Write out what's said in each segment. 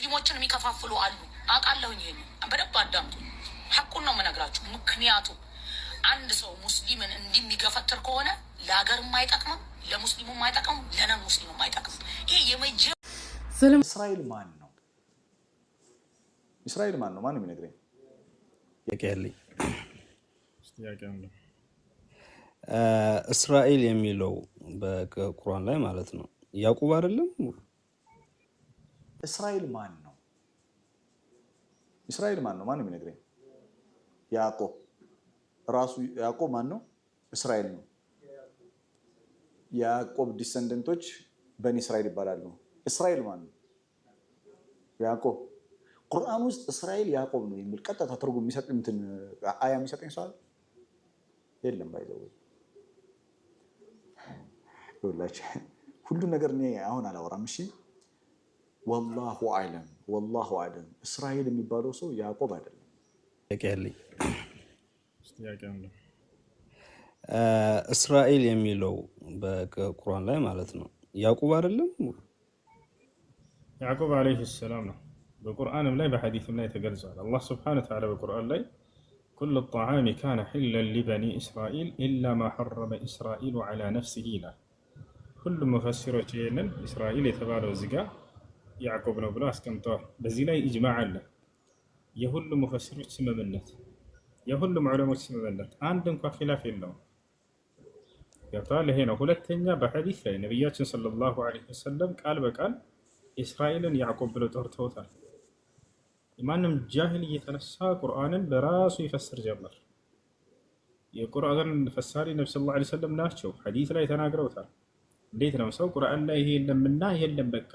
ሙስሊሞችን የሚከፋፍሉ አሉ። አውቃለሁኝ። ይሄ በደንብ አዳምጡ። ሐቁን ነው የምነግራችሁ። ምክንያቱ አንድ ሰው ሙስሊምን እንዲህ የሚገፈትር ከሆነ ለሀገርም አይጠቅምም፣ ለሙስሊሙም አይጠቅምም፣ ለነን ሙስሊሙም አይጠቅምም። ይሄ የመጀ ስለም እስራኤል ማን ነው? እስራኤል ማን ነው? ማን ማንም ይነግረኝ። ያለኝ እስራኤል የሚለው በቁርአን ላይ ማለት ነው ያዕቁብ አይደለም እስራኤል ማን ነው? እስራኤል ማን ነው? ማነው የሚነግረኝ? ያዕቆብ ራሱ ያዕቆብ ማን ነው? እስራኤል ነው። የያዕቆብ ዲሰንደንቶች በኒ እስራኤል ይባላሉ። እስራኤል ማን ነው? ያዕቆብ። ቁርአን ውስጥ እስራኤል ያዕቆብ ነው የሚል ቀጥታ ትርጉም የሚሰጥ እንትን አያ የሚሰጠኝ ሰዋል የለም። ባይዘው ሁላችሁ ሁሉ ነገር እኔ አሁን አላወራም። እሺ ወላሁ አለም ወላሁ አለም። እስራኤል የሚባለው ሰው ያዕቆብ አይደለም። እስራኤል የሚለው በቁርአን ላይ ማለት ነው። ያዕቁብ አይደለም፣ ያዕቁብ ዓለይሂ ሰላም ነው። በቁርአንም ላይ በሐዲስም ላይ ተገልጿል። አላህ ስብሐነሁ ወተዓላ በቁርአን ላይ ኩሉ ጣዓሚ ካነ ሒለን ሊበኒ እስራኤል ኢላ ማ ሐረመ እስራኤሉ ዓላ ነፍሲሂ ይላል። ሁሉም መፈሲሮች ይህንን እስራኤል የተባለው እዚህ ጋር ያዕቆብ ነው ብለው አስቀምጠዋል። በዚህ ላይ ኢጅማዕ አለ፣ የሁሉም ሙፈሲሮች ስምምነት፣ የሁሉም ዑለሞች ስምምነት፣ አንድ እንኳ ኪላፍ የለውም። ገብተዋል። ይሄ ነው። ሁለተኛ በሐዲስ ላይ ነቢያችን ሰለላሁ ዐለይሂ ወሰለም ቃል በቃል እስራኤልን ያዕቆብ ብለው ጠርተውታል። ማንም ጃህል እየተነሳ ቁርአንን በራሱ ይፈስር ጀመር። የቁርአን ፈሳሪ ነቢ ሰለላሁ ዐለይሂ ወሰለም ናቸው። ሐዲስ ላይ ተናግረውታል። እንዴት ነው ሰው ቁርአን ላይ ይሄ የለምና ይሄ የለም በቃ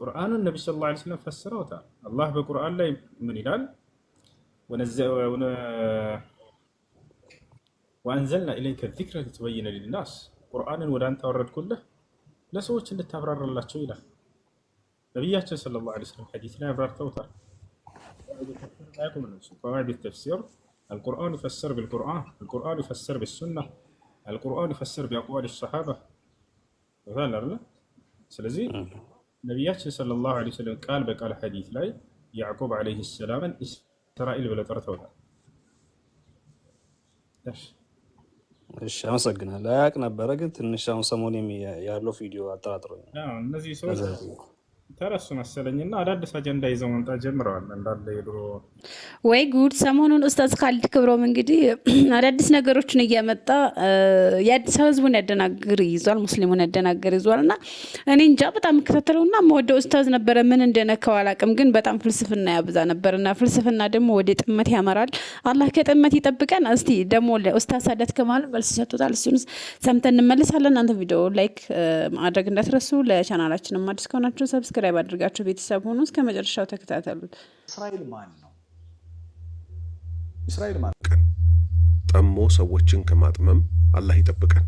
ቁርአኑን ነቢ ስ ላ ስለም ፈስረውታል። አላህ በቁርአን ላይ ምን ይላል? ወአንዘልና ኢለይከ ዚክረ ሊትበይነ ሊናስ ቁርአንን ወደ አንተ አወረድኩልህ ለሰዎች እንድታብራራላቸው ይላል። ነቢያችን ስለ ላ ስለም ሐዲስ ላይ አብራርተውታል። ቀዋዒድ ተፍሲር አልቁርአን ይፈሰር ብልቁርአን፣ አልቁርአን ይፈሰር ብሱና፣ አልቁርአን ይፈሰር ቢአቅዋል ሰሓባ ይላል። ስለዚህ ነቢያችን ሰለላሁ ዐለይሂ ወሰለም ቃል በቃል ሐዲስ ላይ ያዕቆብ ዐለይሂ ሰላምን እስራኤል ብለው ጠርተውታል። እሺ አመሰግናለሁ። አያውቅ ነበረ ግን ትንሽ አሁን ሰሞኑን ያለው ቪዲዮ አጠራጥሮኛል። እነዚህ ሰዎች ተረሱ መሰለኝና አዳዲስ አጀንዳ ይዘው መምጣት ጀምረዋል። እንዳለ የድሮ ወይ ጉድ! ሰሞኑን ኡስታዝ ካልድ ክብሮም እንግዲህ አዳዲስ ነገሮችን እያመጣ የአዲስ አበባ ህዝቡን ያደናግር ይዟል፣ ሙስሊሙን ያደናግር ይዟል። እና እኔ እንጃ በጣም እና ወደ ኡስታዝ ነበረ። ምን እንደነካው አቅም ግን በጣም ፍልስፍና ያብዛ ነበርና ፍልስፍና ደግሞ ወደ ጥመት ያመራል። አላህ ከጥመት ይጠብቀን። እስቲ ደግሞ ኡስታዝ ሳደት ከማል መልስ ሰጥቶታል። እሱን ሰምተን እንመልሳለን። እናንተ ቪዲዮ ላይክ ማድረግ እንዳትረሱ። ለቻናላችንም አዲስ ከሆናችሁ ሰብስ ሰብስክራይብ አድርጋችሁ ቤተሰብ ሆኑ። እስከ መጨረሻው ተከታተሉት። እስራኤል ማን ነው? እስራኤል ማን ቀን ጠሞ ሰዎችን ከማጥመም አላህ ይጠብቀን።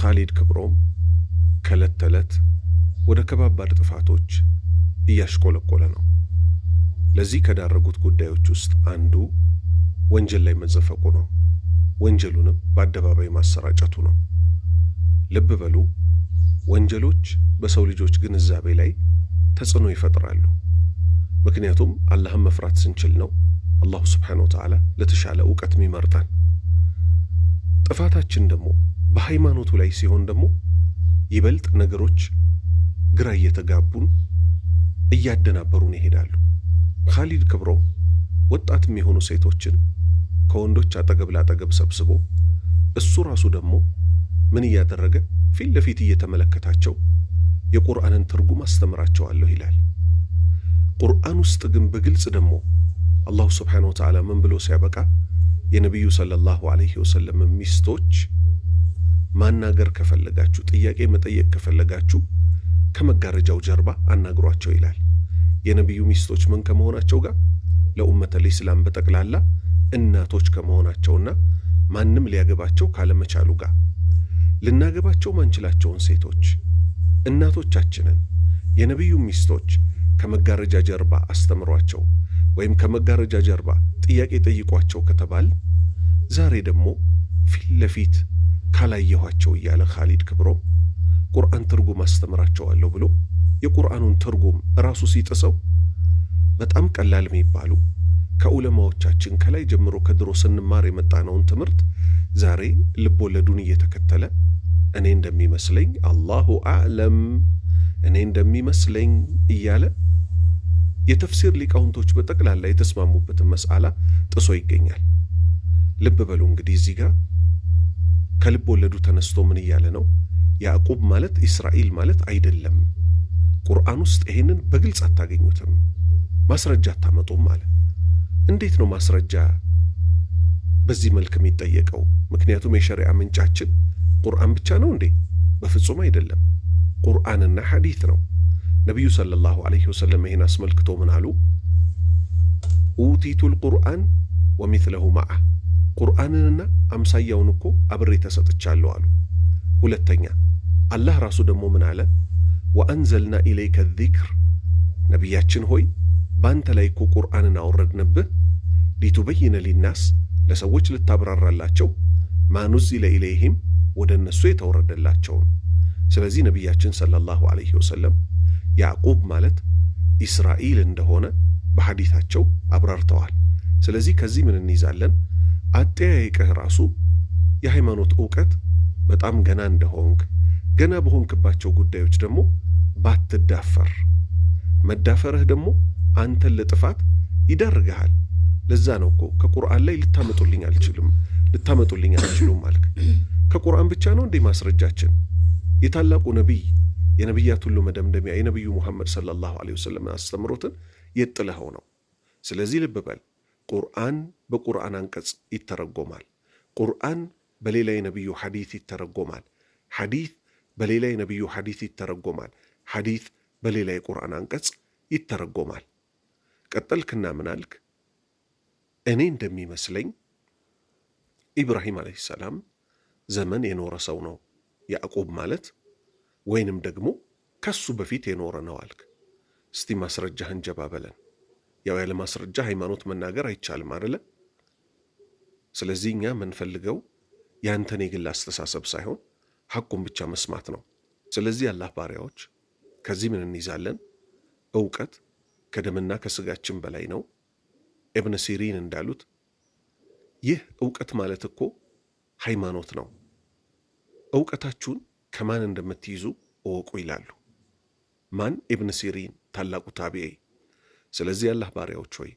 ኻሊድ ክብሮም ከእለት ተዕለት ወደ ከባባድ ጥፋቶች እያሽቆለቆለ ነው። ለዚህ ከዳረጉት ጉዳዮች ውስጥ አንዱ ወንጀል ላይ መዘፈቁ ነው። ወንጀሉንም በአደባባይ ማሰራጨቱ ነው። ልብ በሉ። ወንጀሎች በሰው ልጆች ግንዛቤ ላይ ተጽዕኖ ይፈጥራሉ። ምክንያቱም አላህን መፍራት ስንችል ነው አላሁ ስብሓነሁ ወተዓላ ለተሻለ እውቀት የሚመርጠን። ጥፋታችን ደግሞ በሃይማኖቱ ላይ ሲሆን ደግሞ ይበልጥ ነገሮች ግራ እየተጋቡን እያደናበሩን ይሄዳሉ። ካሊድ ክብሮ ወጣት የሚሆኑ ሴቶችን ከወንዶች አጠገብ ላጠገብ ሰብስቦ እሱ ራሱ ደግሞ ምን እያደረገ ፊት ለፊት እየተመለከታቸው የቁርአንን ትርጉም አስተምራቸዋለሁ ይላል። ቁርአን ውስጥ ግን በግልጽ ደግሞ አላሁ ስብሓነ ወተዓላ ምን ብሎ ሲያበቃ የነቢዩ ሰለላሁ ዐለይሂ ወሰለም ሚስቶች ማናገር ከፈለጋችሁ፣ ጥያቄ መጠየቅ ከፈለጋችሁ ከመጋረጃው ጀርባ አናግሯቸው ይላል። የነቢዩ ሚስቶች ምን ከመሆናቸው ጋር ለኡመተ ኢስላም በጠቅላላ እናቶች ከመሆናቸውና ማንም ሊያገባቸው ካለመቻሉ ጋር ልናገባቸው ማንችላቸውን ሴቶች እናቶቻችንን የነቢዩ ሚስቶች ከመጋረጃ ጀርባ አስተምሯቸው ወይም ከመጋረጃ ጀርባ ጥያቄ ጠይቋቸው ከተባል ዛሬ ደግሞ ፊት ለፊት ካላየኋቸው እያለ ካሊድ ክብሮም ቁርአን ትርጉም አስተምራቸዋለሁ ብሎ የቁርአኑን ትርጉም ራሱ ሲጥሰው በጣም ቀላል የሚባሉ ከዑለማዎቻችን ከላይ ጀምሮ ከድሮ ስንማር የመጣነውን ትምህርት ዛሬ ልቦለዱን እየተከተለ እኔ እንደሚመስለኝ አላሁ አዕለም እኔ እንደሚመስለኝ እያለ የተፍሲር ሊቃውንቶች በጠቅላላ የተስማሙበትን መስአላ ጥሶ ይገኛል። ልብ በሉ እንግዲህ እዚህ ጋር ከልብ ወለዱ ተነስቶ ምን እያለ ነው? ያዕቁብ ማለት ኢስራኤል ማለት አይደለም። ቁርአን ውስጥ ይሄንን በግልጽ አታገኙትም። ማስረጃ አታመጡም አለ። እንዴት ነው ማስረጃ በዚህ መልክ የሚጠየቀው? ምክንያቱም የሸሪዓ ምንጫችን ቁርአን ብቻ ነው እንዴ? በፍጹም አይደለም። ቁርአንና ሐዲት ነው። ነቢዩ ሰለላሁ ዐለይሂ ወሰለም ይህን አስመልክቶ ምን አሉ? ኡቲቱል ቁርአን ወሚትለሁ ማአ ቁርአንንና አምሳያውን እኮ አብሬ ተሰጥቻለሁ አሉ። ሁለተኛ አላህ ራሱ ደግሞ ምን አለ? ወአንዘልና ኢለይከ ዚክር ነቢያችን ሆይ በአንተ ላይ እኮ ቁርአንን አወረድንብህ ሊቱበይነ ሊናስ ለሰዎች ልታብራራላቸው ማኑዚለ ኢለይህም ወደ እነሱ የተወረደላቸውን። ስለዚህ ነቢያችን ሰለላሁ ዐለይሂ ወሰለም ያዕቁብ ማለት ኢስራኤል እንደሆነ በሐዲታቸው አብራርተዋል። ስለዚህ ከዚህ ምን እንይዛለን? አጠያየቅህ ራሱ የሃይማኖት ዕውቀት በጣም ገና እንደሆንክ ገና በሆንክባቸው ጉዳዮች ደግሞ ባትዳፈር፣ መዳፈርህ ደግሞ አንተን ለጥፋት ይዳርግሃል። ለዛ ነው እኮ ከቁርአን ላይ ልታመጡልኝ አልችልም ልታመጡልኝ አልችሉም አልክ። ከቁርአን ብቻ ነው እንዴ ማስረጃችን? የታላቁ ነቢይ የነቢያት ሁሉ መደምደሚያ የነቢዩ ሙሐመድ ሰለላሁ ዐለይሂ ወሰለም አስተምሮትን የጥለኸው ነው። ስለዚህ ልብ በል፣ ቁርአን በቁርአን አንቀጽ ይተረጎማል። ቁርአን በሌላ የነቢዩ ሐዲት ይተረጎማል። ሐዲት በሌላ የነቢዩ ሐዲት ይተረጎማል። ሐዲት በሌላ የቁርአን አንቀጽ ይተረጎማል። ቀጠልክና ምናልክ እኔ እንደሚመስለኝ ኢብራሂም ዓለይሂ ሰላም ዘመን የኖረ ሰው ነው ያዕቆብ ማለት ወይንም ደግሞ ከሱ በፊት የኖረ ነው አልክ። እስቲ ማስረጃህን ጀባ በለን። ያው ያለ ማስረጃ ሃይማኖት መናገር አይቻልም አደለ? ስለዚህ እኛ የምንፈልገው ያንተን የግል አስተሳሰብ ሳይሆን ሐቁን ብቻ መስማት ነው። ስለዚህ የአላህ ባሪያዎች ከዚህ ምን እንይዛለን? እውቀት ከደምና ከስጋችን በላይ ነው። ኢብነ ሲሪን እንዳሉት ይህ እውቀት ማለት እኮ ሃይማኖት ነው። እውቀታችሁን ከማን እንደምትይዙ እወቁ ይላሉ። ማን? ኢብን ሲሪን ታላቁ ታቢኤ። ስለዚህ ያላህ ባሪያዎች ሆይ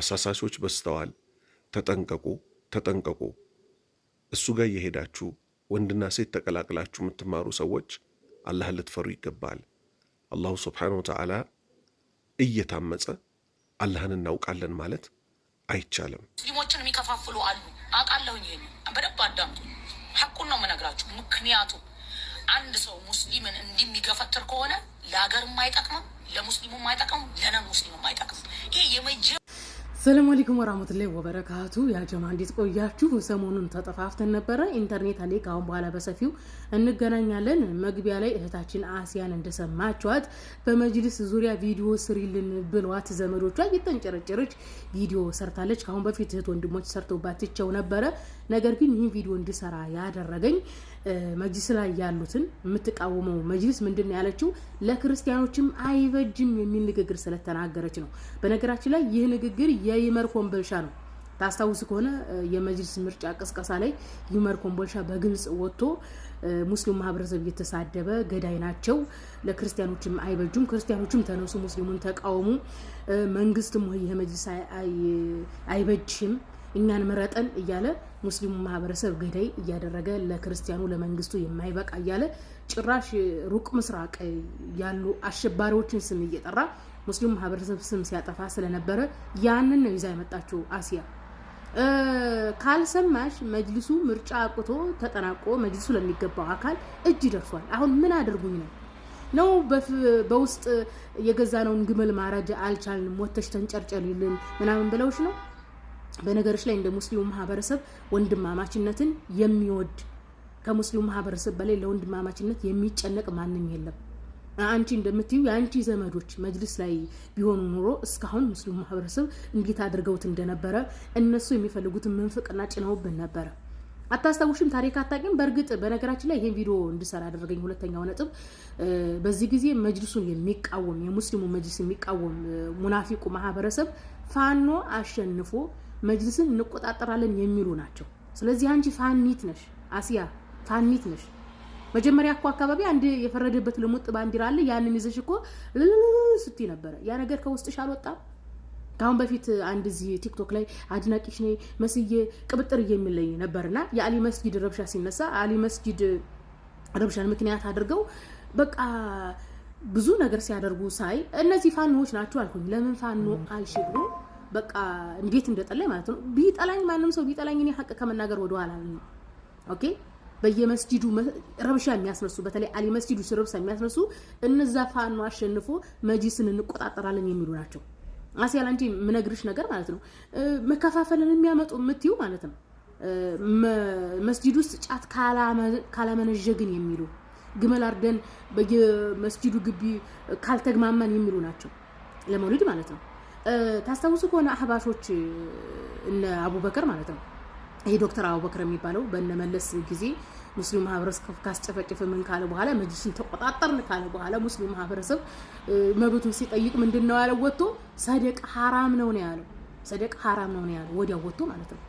አሳሳሾች በስተዋል ተጠንቀቁ፣ ተጠንቀቁ። እሱ ጋር እየሄዳችሁ ወንድና ሴት ተቀላቅላችሁ የምትማሩ ሰዎች አላህን ልትፈሩ ይገባል። አላሁ ስብሓነሁ ወተዓላ እየታመጸ አላህን እናውቃለን ማለት አይቻልም። ሙስሊሞችን የሚከፋፍሉ አሉ። አውቃለሁኝ። ይሄን በደንብ አዳምጡ። ሐቁን ነው የምነግራችሁ። ምክንያቱም አንድ ሰው ሙስሊምን እንዲሚገፈትር ከሆነ ለሀገርም አይጠቅምም፣ ለሙስሊሙም አይጠቅምም፣ ለነን ሙስሊምም አይጠቅምም። ይሄ የመጀ ሰላም አለይኩም ወራህመቱላሂ ወበረካቱ። ያ ጀማ እንዴት ቆያችሁ? ሰሞኑን ተጠፋፍተን ነበረ ኢንተርኔት ላይ። ከአሁን በኋላ በሰፊው እንገናኛለን። መግቢያ ላይ እህታችን አሲያን እንደሰማችኋት በመጅልስ ዙሪያ ቪዲዮ ስሪልን ብሏት ዘመዶቿ እየተንጨረጨረች ቪዲዮ ሰርታለች። ከአሁን በፊት እህት ወንድሞች ሰርተውባት ትቸው ነበረ። ነገር ግን ይህን ቪዲዮ እንድሰራ ያደረገኝ መጅልስ ላይ ያሉትን የምትቃወመው መጅልስ ምንድን ነው ያለችው ለክርስቲያኖችም አይበጅም የሚል ንግግር ስለተናገረች ነው። በነገራችን ላይ ይህ ንግግር የይመር ኮምቦልቻ ነው። ታስታውስ ከሆነ የመጅሊስ ምርጫ ቅስቀሳ ላይ ይመር ኮምቦልቻ በግልጽ ወጥቶ ሙስሊም ማህበረሰብ እየተሳደበ ገዳይ ናቸው፣ ለክርስቲያኖችም አይበጁም፣ ክርስቲያኖችም ተነሱ፣ ሙስሊሙን ተቃውሙ፣ መንግስትም ይህ መጅሊስ አይበጅም እኛን ምረጠን እያለ ሙስሊሙ ማህበረሰብ ገዳይ እያደረገ ለክርስቲያኑ ለመንግስቱ የማይበቃ እያለ ጭራሽ ሩቅ ምስራቅ ያሉ አሸባሪዎችን ስም እየጠራ ሙስሊሙ ማህበረሰብ ስም ሲያጠፋ ስለነበረ ያንን ነው ይዛ የመጣችው አሲያ። ካልሰማሽ መጅልሱ ምርጫ አቁቶ ተጠናቆ መጅልሱ ለሚገባው አካል እጅ ደርሷል። አሁን ምን አድርጉኝ ነው ነው በውስጥ የገዛነውን ግመል ማረጃ አልቻልንም፣ ወተሽ ተንጨርጨሉልን ምናምን ብለውሽ ነው በነገሮች ላይ እንደ ሙስሊሙ ማህበረሰብ ወንድማማችነትን የሚወድ ከሙስሊሙ ማህበረሰብ በላይ ለወንድማማችነት የሚጨነቅ ማንም የለም። አንቺ እንደምትዩ የአንቺ ዘመዶች መጅልስ ላይ ቢሆኑ ኑሮ እስካሁን ሙስሊሙ ማህበረሰብ እንዴት አድርገውት እንደነበረ እነሱ የሚፈልጉትን ምንፍቅና ጭነውብን ነበረ። አታስታውሽም? ታሪክ አታውቂም? በእርግጥ በነገራችን ላይ ይህን ቪዲዮ እንድሰራ ያደረገኝ ሁለተኛው ነጥብ በዚህ ጊዜ መጅልሱን የሚቃወም የሙስሊሙ መጅልስ የሚቃወም ሙናፊቁ ማህበረሰብ ፋኖ አሸንፎ መጅልስን እንቆጣጠራለን የሚሉ ናቸው። ስለዚህ አንቺ ፋኒት ነሽ፣ አሲያ ፋኒት ነሽ። መጀመሪያ እኮ አካባቢ አንድ የፈረደበት ልሙጥ ባንዲራ አለ። ያንን ይዘሽ እኮ ስቲ ነበረ። ያ ነገር ከውስጥሽ አልወጣም። ከአሁን በፊት አንድ እዚህ ቲክቶክ ላይ አድናቂሽ ነኝ መስዬ ቅብጥር የሚለኝ ነበርና የአሊ መስጊድ ረብሻ ሲነሳ አሊ መስጊድ ረብሻን ምክንያት አድርገው በቃ ብዙ ነገር ሲያደርጉ ሳይ እነዚህ ፋኖዎች ናቸው አልኩኝ። ለምን ፋኖ አልሽብሩ በቃ እንዴት እንደጠላኝ ማለት ነው። ቢጠላኝ ማንም ሰው ቢጠላኝ እኔ ሀቅ ከመናገር ወደ ኋላ ነው። ኦኬ በየመስጂዱ ረብሻ የሚያስነሱ በተለይ አሊ መስጂዱ ረብሻ የሚያስነሱ እነዛ ፋኖ አሸንፎ መጂስን እንቆጣጠራለን የሚሉ ናቸው። አስያል አንቺ ምነግርሽ ነገር ማለት ነው መከፋፈልን የሚያመጡ የምትዩ ማለት ነው መስጂድ ውስጥ ጫት ካላመነዠግን የሚሉ ግመል አርደን በየመስጂዱ ግቢ ካልተግማማን የሚሉ ናቸው ለመውሊድ ማለት ነው። ታስታውሱ ከሆነ አህባሾች እነ አቡበከር ማለት ነው ይሄ ዶክተር አቡበከር የሚባለው በነመለስ ጊዜ ሙስሊም ማህበረሰብ ካስጨፈጨፈ ምን ካለ በኋላ መጅሊሱን ተቆጣጠርን ካለ በኋላ ሙስሊም ማህበረሰብ መብቱን ሲጠይቅ ምንድን ነው ያለው? ወጥቶ ሰደቅ ሀራም ነው ነው ያለው። ሰደቅ ሀራም ነው ነው ያለው። ወዲያው ወጥቶ ማለት ነው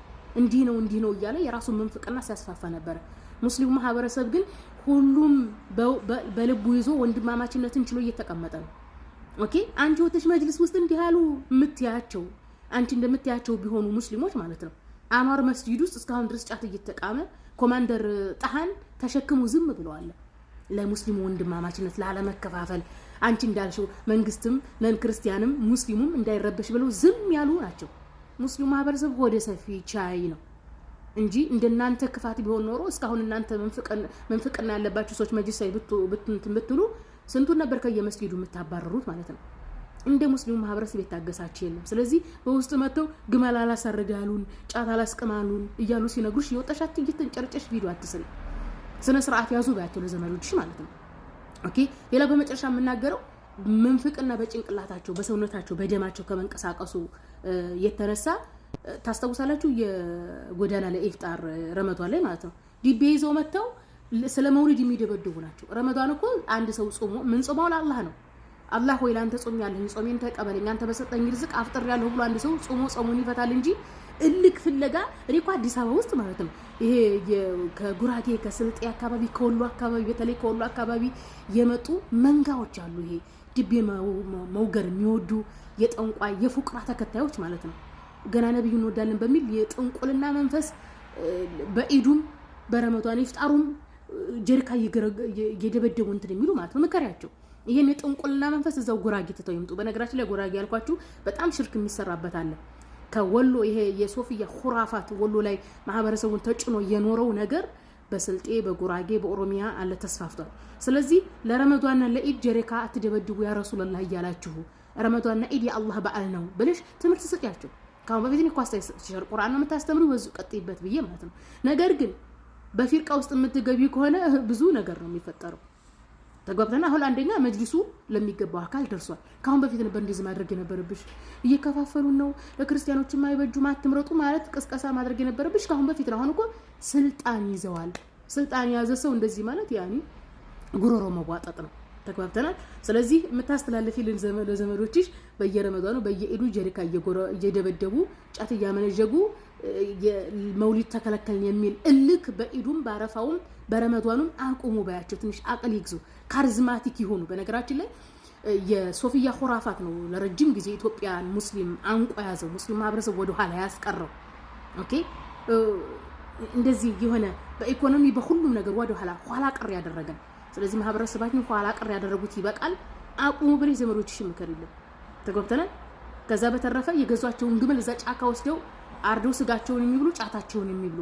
እንዲህ ነው እንዲህ ነው እያለ የራሱን ምንፍቅና ሲያስፋፋ ነበረ። ሙስሊሙ ማህበረሰብ ግን ሁሉም በልቡ ይዞ ወንድማማችነትን ችሎ እየተቀመጠ ነው። ኦኬ አንቺ ወተሽ መጅልስ ውስጥ እንዲህ ያሉ የምትያቸው አንቺ እንደምትያቸው ቢሆኑ ሙስሊሞች ማለት ነው። አኗር መስጂድ ውስጥ እስካሁን ድረስ ጫት እየተቃመ ኮማንደር ጣሃን ተሸክሙ ዝም ብለዋል። ለሙስሊሙ ወንድማማችነት ላለመከፋፈል አንቺ እንዳልሽው መንግስትም ነን ክርስቲያንም ሙስሊሙም እንዳይረበሽ ብለው ዝም ያሉ ናቸው። ሙስሊሙ ማህበረሰብ ወደ ሰፊ ቻይ ነው እንጂ እንደናንተ ክፋት ቢሆን ኖሮ እስካሁን እናንተ መንፍቅና ያለባቸው ሰዎች መጅልስ ላይ ብትሉ ስንቱን ነበር ከየመስጊዱ የምታባረሩት ማለት ነው። እንደ ሙስሊሙ ማህበረሰብ የታገሳች የለም። ስለዚህ በውስጥ መጥተው ግመል አላሳርጋሉን፣ ጫት አላስቅማሉን እያሉ ሲነግሩሽ የወጣሻት ጨርጨሽ ቪዲዮ አትስሪ። ስነ ስርዓት ያዙ ባያቸው ለዘመዶችሽ ማለት ነው። ኦኬ። ሌላ በመጨረሻ የምናገረው ምንፍቅና በጭንቅላታቸው በሰውነታቸው በደማቸው ከመንቀሳቀሱ የተነሳ ታስታውሳላችሁ፣ የጎዳና ለኢፍጣር ረመቷ ላይ ማለት ነው ዲቤ ይዘው መጥተው ስለ መውሊድ የሚደበድቡ ናቸው። ረመዳን እኮ አንድ ሰው ጾሞ ምን ጾመው ለአላህ ነው። አላህ ወይ ላንተ ጾም ያለህን ጾሜን ተቀበለኝ አንተ በሰጠኝ ርዝቅ አፍጥር ያለሁ ብሎ አንድ ሰው ጾሞ ጾሙን ይፈታል እንጂ እልክ ፍለጋ እኔ እኮ አዲስ አበባ ውስጥ ማለት ነው ይሄ ከጉራጌ ከስልጤ አካባቢ ከወሎ አካባቢ በተለይ ከወሎ አካባቢ የመጡ መንጋዎች አሉ። ይሄ ድቤ መውገር የሚወዱ የጠንቋይ የፉቅራ ተከታዮች ማለት ነው። ገና ነብዩ እንወዳለን በሚል የጥንቁልና መንፈስ በኢዱም በረመዷን ይፍጣሩም ጀሪካ እየደበደቡ እንትን የሚሉ ማለት ነው። መከሪያቸው። ይሄን የጥንቁልና መንፈስ እዛው ጉራጌ ትተው ይምጡ። በነገራችን ላይ ጉራጌ ያልኳችሁ በጣም ሽርክ የሚሰራበት አለ። ከወሎ ይሄ የሶፊያ ሁራፋት ወሎ ላይ ማህበረሰቡን ተጭኖ የኖረው ነገር በስልጤ በጉራጌ በኦሮሚያ አለ ተስፋፍቷል። ስለዚህ ለረመዷና ለኢድ ጀሪካ አትደበድቡ ያ ረሱልላህ እያላችሁ ረመዷና ኢድ የአላህ በዓል ነው ብለሽ ትምህርት ስጥያቸው። ከአሁን በፊት ኳስታ ቁርአን ነው የምታስተምሩ በዙ ቀጥይበት ብዬ ማለት ነው ነገር ግን በፊርቃ ውስጥ የምትገቢ ከሆነ ብዙ ነገር ነው የሚፈጠረው። ተግባብተና አሁን አንደኛ መጅሊሱ ለሚገባው አካል ደርሷል። ከአሁን በፊት ነበር እንደዚህ ማድረግ የነበረብሽ። እየከፋፈሉን ነው፣ ለክርስቲያኖች የማይበጁ አትምረጡ ማለት ቅስቀሳ ማድረግ የነበረብሽ ከአሁን በፊት ነው። አሁን እኮ ስልጣን ይዘዋል። ስልጣን የያዘ ሰው እንደዚህ ማለት ያኔ ጉሮሮ መቧጠጥ ነው። ተግባብተናል። ስለዚህ የምታስተላለፊ ለዘመዶችሽ በየረመዷኑ በየኢዱ ጀሪካ እየደበደቡ ጫት እያመነዠጉ መውሊድ ተከለከልን የሚል እልክ በኢዱም በአረፋውም በረመዷኑም አቁሙ ባያቸው። ትንሽ አቅል ይግዙ፣ ካሪዝማቲክ ይሆኑ። በነገራችን ላይ የሶፊያ ሁራፋት ነው ለረጅም ጊዜ ኢትዮጵያን ሙስሊም አንቆ ያዘው፣ ሙስሊም ማህበረሰብ ወደኋላ ያስቀረው። ኦኬ እንደዚህ የሆነ በኢኮኖሚ በሁሉም ነገር ወደኋላ ኋላ ቀር ያደረገን ስለዚህ ማህበረሰባችን ኋላ ቀር ያደረጉት ይበቃል፣ አቁሙ ብለሽ ዘመዶችሽን ምከሪልን። ተገብተናል። ከዛ በተረፈ የገዟቸውን ግመል እዛ ጫካ ወስደው አርደው ስጋቸውን የሚብሉ ጫታቸውን የሚብሉ